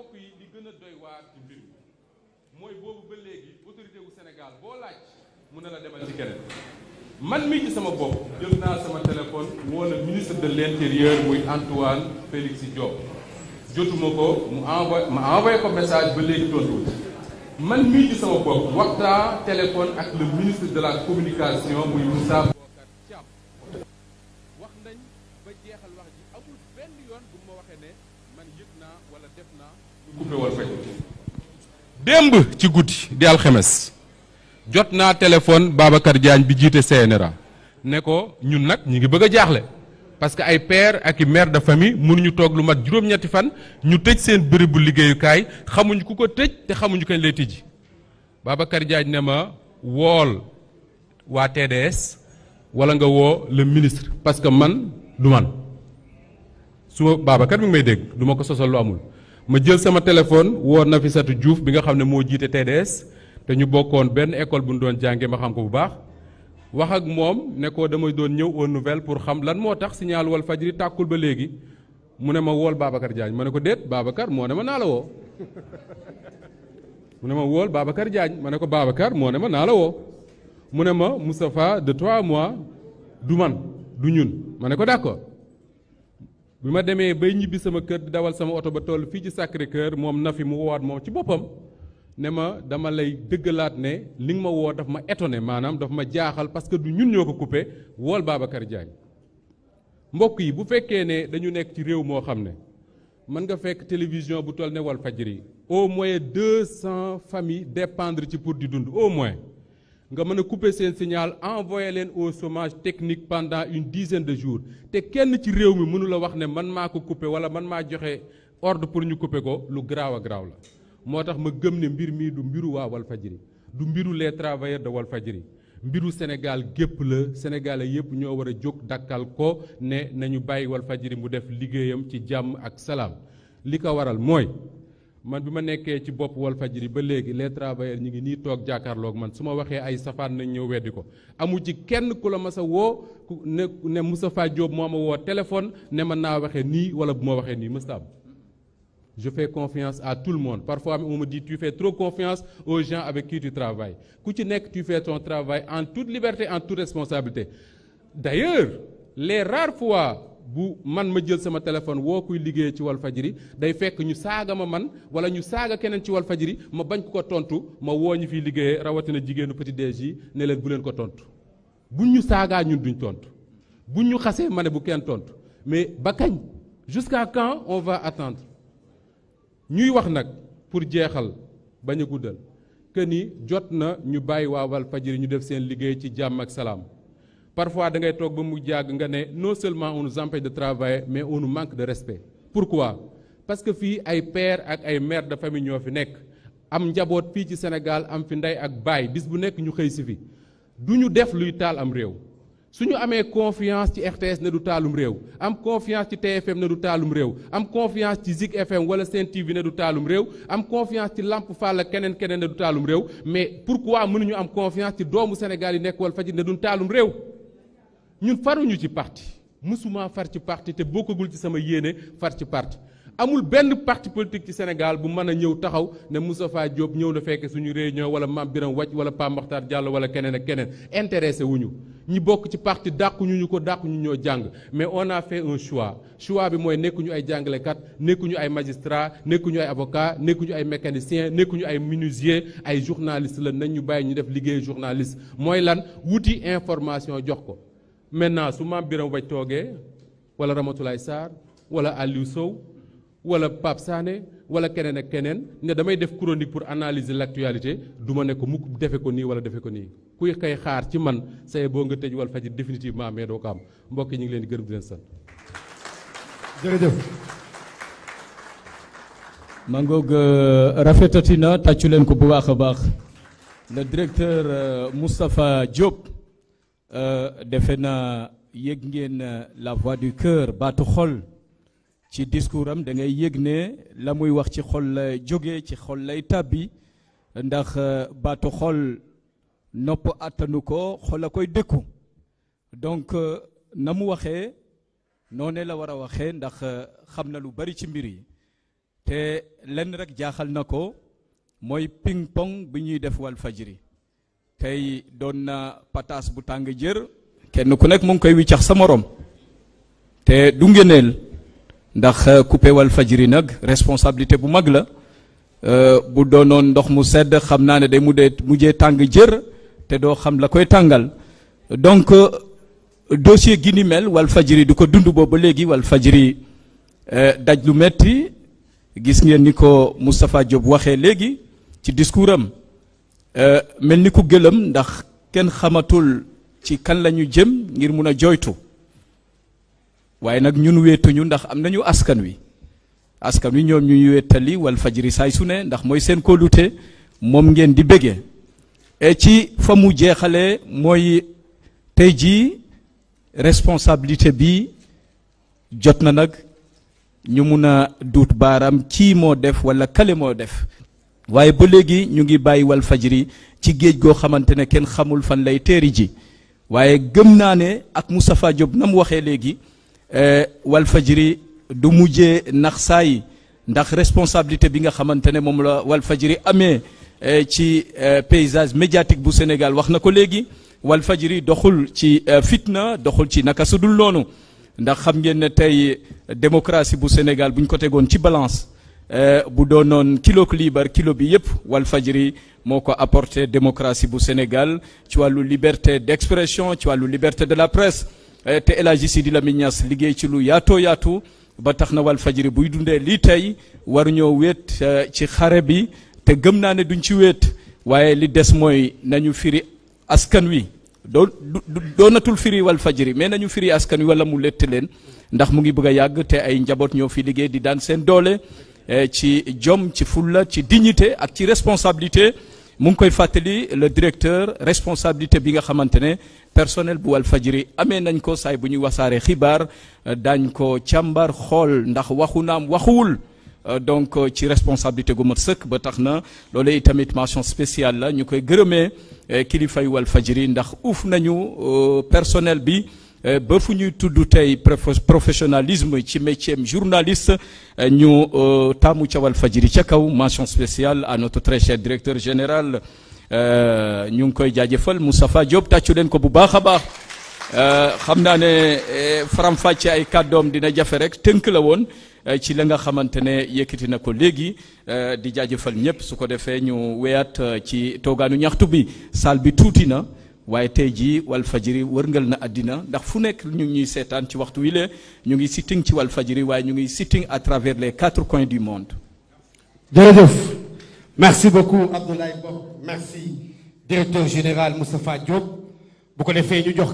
mbokk yi li gën a doy waar ci mbir mooy boobu ba léegi autorité wu Sénégal boo laaj mun na la demal ci keneen man mii ci sama bopp jël naa sama téléphone woo ministre de l' intérieur muy Antoine Félix Diop jotuma ko mu envoyé ma envoyé ko message ba léegi tontu man mii ci sama bopp waxtaan téléphone ak le ministre de la communication muy Moussa Bocar wax nañ ba jeexal wax ji amul benn yoon bu ma waxee ne coupé woon fay démb ci guddi di alxemes jot naa téléphone Babacar Diagne bi jiite CNRA ne ko ñun nag ñu ngi bëgg a jaaxle parce que ay père ak i mère de famille ñu toog lu mat juróom-ñetti fan ñu tëj seen bërëbu liggéeyukaay xamuñ ku ko tëj te xamuñu kañ lay tijji Babacar jaañ ne ma wool waa TDS wala nga woo le ministre parce que man du man. su ma Babacar mi ngi may dégg du ma ko sosal lu amul ma jël sama téléphone woo Nafissatou juuf bi nga xam ne moo jiite TDS te ñu bokkoon benn école bu nu doon jàngee ma xam ko bu baax wax ak moom ne ko damay doon ñëw aux nouvelles pour xam lan moo tax signal wal fajri tàkkul ba léegi mu ne ma wool Babacar Diagne ma ne ko déet Babacar moo ne ma naa la woo mu ne ma wool Babacar Diagne ma ne ko Babacar moo ne ma naa woo mu ne ma Moustapha de trois mois du man du ñun ma ne ko d'accord bi ma demee bay ñibbi sama kër dawal sama oto ba toll fii ci Sacré Cœur moom na fi mu woowaat moom ci boppam ne ma dama lay dëggalaat ne li nga ma woo daf ma étonné maanaam dafa ma jaaxal parce que du ñun ñoo ko coupé wool Babacar Diagne mbokk yi bu fekkee ne dañu nekk ci réew moo xam ne mën nga fekk télévision bu toll ne Walfadjri au moins deux cent familles dépendre ci pour di dund au moins nga mën a couper seen signal envoyé leen au chômage technique pendant une dizaine de jour te kenn ci réew mi mënu wax ne man maa ko couper wala man maa joxe ordre pour ñu couper ko lu garaaw a garaaw la moo tax ma gëm ne mbir mii du mbiru waa Walfadjri du mbiru les travailleurs de Walfadjri mbiru Sénégal gépp la sénégalais yëpp ñoo war a jóg dakkal ko ne nañu bàyyi Walfadjri mu def liggéeyam ci jàmm ak salaam li ko waral mooy man bi ma nekkee ci bopp Walfadjri ba léegi les travailleurs ñu ngi nii toog jàkkaarloog man su ma waxee ay safaan nañ ñëw weddi ko amu ci kenn ku la mas woo ne ne Moustapha Diop moo ma woo téléphone ne man naa waxee nii wala bu ma waxee nii mësta je fais confiance à tout le monde parfois on me di tu fais trop confiance aux gens avec qui tu travailles ku ci nekk tu fais ton en tout liberté en tout responsabilité d'ailleurs les rares fois bu man ma jël sama téléphone woo kuy liggéey ci Walfadjri day fekk ñu saaga ma man wala ñu saaga keneen ci Walfadjri ma bañ ko ko tontu ma wooñu fi fiy rawatina jigéenu Petit Déj yi ne leen bu leen ko tontu bu ñu saagaa ñun duñ tontu bu ñu xasee ma ne bu kenn tontu mais ba kañ jusqu'à quand on va attendre ñuy wax nag pour jeexal bañ a guddal que ni jot na ñu bàyyi waa Walfadjri ñu def seen liggéey ci jàmm ak salaam. parfois da ngay toog ba mu jàgg nga ne non seulement on nous empêche de travailler mais on nous manque de respect pourquoi parce que fii ay père ak ay mère de famille ñoo fi nekk am njaboot fii ci Sénégal am fi ndey ak baay bis bu nekk ñu xëy si fi du ñu def luy taal am réew su ñu amee confiance ci RTS na du taalum réew am confiance ci TFM ne du taalum réew am confiance ci Zik FM wala sent TV ne du taalum réew am confiance ci làmp Fall keneen keneen ne du taalum réew mais pour pourquoi mënuñu am confiance ci doomu Sénégal yi nekk Walfadjri ne du taalum réew. ñun faruñu ci parti mësuma far ci parti te bokkagul ci sama yéene far ci parti amul benn parti politique ci Sénégal bu mën a ñëw taxaw ne Moustapha Diop ñëw na fekk suñu réunion wala maam Birame Wathie wala Pape Makhtar Diallo wala keneen ak keneen intéressé wuñu ñi bokk ci parti dàquñu ñu ko dàquñu ñoo jàng mais on a fait un choix choix bi mooy nekkuñu ay jàngalekat nekkuñu ay magistrat nekkuñu ay avocat nekkuñu ay mécanicien nekkuñu ay menuisier ay journaliste la nañ ñu bàyyi ñu def liggéey journaliste mooy lan wuti information jox ko maintenant su maam Birame Wathie toogee wala Ramatoulaye Sarr wala Aliou Sow wala Pape Sané wala keneen ak keneen ne damay def chronique pour analyser l'actualité du ma ne ko mukk defe ko nii wala defe ko nii kuy kay xaar ci man say boo nga tëj Walf Fadjri définitivement mais doo ko am mbokk ñu ngi leen gër gërëm di leen sant. jërëjëf. mangoog euh, rafetati na tàccu leen ko bu baax a baax le directeur euh, Moustapha Diop. Euh, defe na yég ngeen euh, la voix du cœur baatu xol ci discours am da ngay yëg ne la muy wax ci xol la jóge ci xol lay tàbbi ndax euh, baatu xol nopp attanu ko xol a koy dëkku donc na mu waxee noonee la war a waxee ndax xam na lu bari ci mbir yi te lenn rek jaaxal na ko mooy ping pong bi ñuy def Walfadjri tey doon na pataas bu tàng jër kenn ku nekk mu ngi koy wiccax sa morom te du ngëneel ndax euh, coupé wal fajiri nag responsabilité bu mag la euh, bu doonoon ndox mu sedd xam naa ne day mujjee mujjee tàng jër te doo xam la koy tàngal donc euh, dossier gi ni mel wal fajiri du ko dund boobu ba léegi wal fajiri daj lu metti gis ngeen ni ko Moustapha Diop waxee léegi ci discours Euh, mel ni ku gëlëm ndax kenn xamatul ci kan la ñu jëm ngir mun a joytu waaye nag ñun weetuñu ndax am nañu askan wi askan wi ñoom ñuy wettali wal fajri saay su ne ndax mooy seen kóolute moom ngeen di bëggee et ci fa mu jeexalee mooy tey jii responsabilité bi jot na nag ñu mun a duut baaram ci moo def wala kale moo def waaye ba léegi ñu ngi bàyyi wal fajri ci géej goo xamante ne kenn xamul fan lay teeri ji waaye gëm naa ne ak Moustapha Diop na mu waxee léegi eh, wal fajri du mujjee nax saa yi ndax responsabilité bi nga xamante ne moom la wal fajri amee eh, ci eh, paysage médiatique bu Sénégal wax na ko léegi wal fajri doxul ci fitna doxul ci naka sudul dul noonu ndax xam ngeen ne tey démocratie bu Sénégal buñ ko tegoon ci balance Eh, bu doonoon kilo liibar kilo bi yëpp Walfadjri moo ko apporté démocratie bu Sénégal ci wàllu liberté d'expression ci wàllu liberté de la presse eh, te El di la Lamine Niass liggéey ci lu yaatoo yaatu ba tax na Walfadjri buy dundee lii tey waruñoo wéet eh, ci xare bi te gëm naa ne duñ ci wéet waaye li des mooy nañu firi askan wi doo doonatul firi Walfadjri mais nañu firi askan wi wala mu létt leen ndax mu ngi bëgg a yàgg te ay njaboot ñoo fi liggéey di daan seen doole Eh, ci jom ci fulla ci dignité ak ci responsabilité mu ngi koy fàttali le directeur responsabilité bi nga xamante ne personnel bu fajiri amee nañ ko saay bu ñuy wasaare xibaar eh, daañ ko càmbar xool ndax waxu naam waxuwul eh, donc ci responsabilité gu sëkk ba tax na loolu itamit mention spéciale la ñu koy gërëmee kilifay fajiri ndax uuf nañu personnel bi Euh, ba fu ñuy tudd tey professionnalisme ci métier journaliste euh, ñu euh, taamu ca Walfadjri ca kaw mention spéciale à notre très cher directeur général ñu ngi koy jaajëfal Moustapha Diop tàccu leen ko bu baax a baax xam naa ne faram-fàcce ay kàddoom dina jafe rek tënk la woon ci la nga xamante ne yëkkati na ko léegi di jaajëfal ñëpp su ko defee ñu weyaat ci toogaanu ñaxtu bi salle bi tuuti na. waaye tey jii Walfadjri wërngal na àddina ndax fu nekk ñu ngi ñuy seetaan ci waxtu wi la ñu ngi sitting ci Walfadjri waaye ñu ngi sitting à travers les quatre coins du monde. jërëjëf merci beaucoup Abdoulaye Bob merci directeur général Moustapha Diop bu ko defee ñu jox.